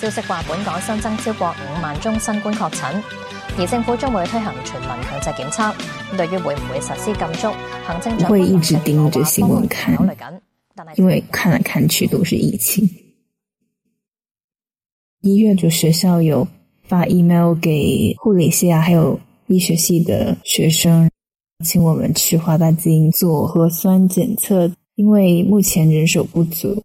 消息話，本港新增超過五萬宗新冠確診，而政府將會推行全民強制檢測。對於會唔會實施禁足，行政長官講話考慮緊，但係一直盯住新聞看，因為看來看去都是疫情，醫院就學校有發 email 給護理系啊，還有醫學系的學生，請我們去華大基因做核酸檢測，因為目前人手不足。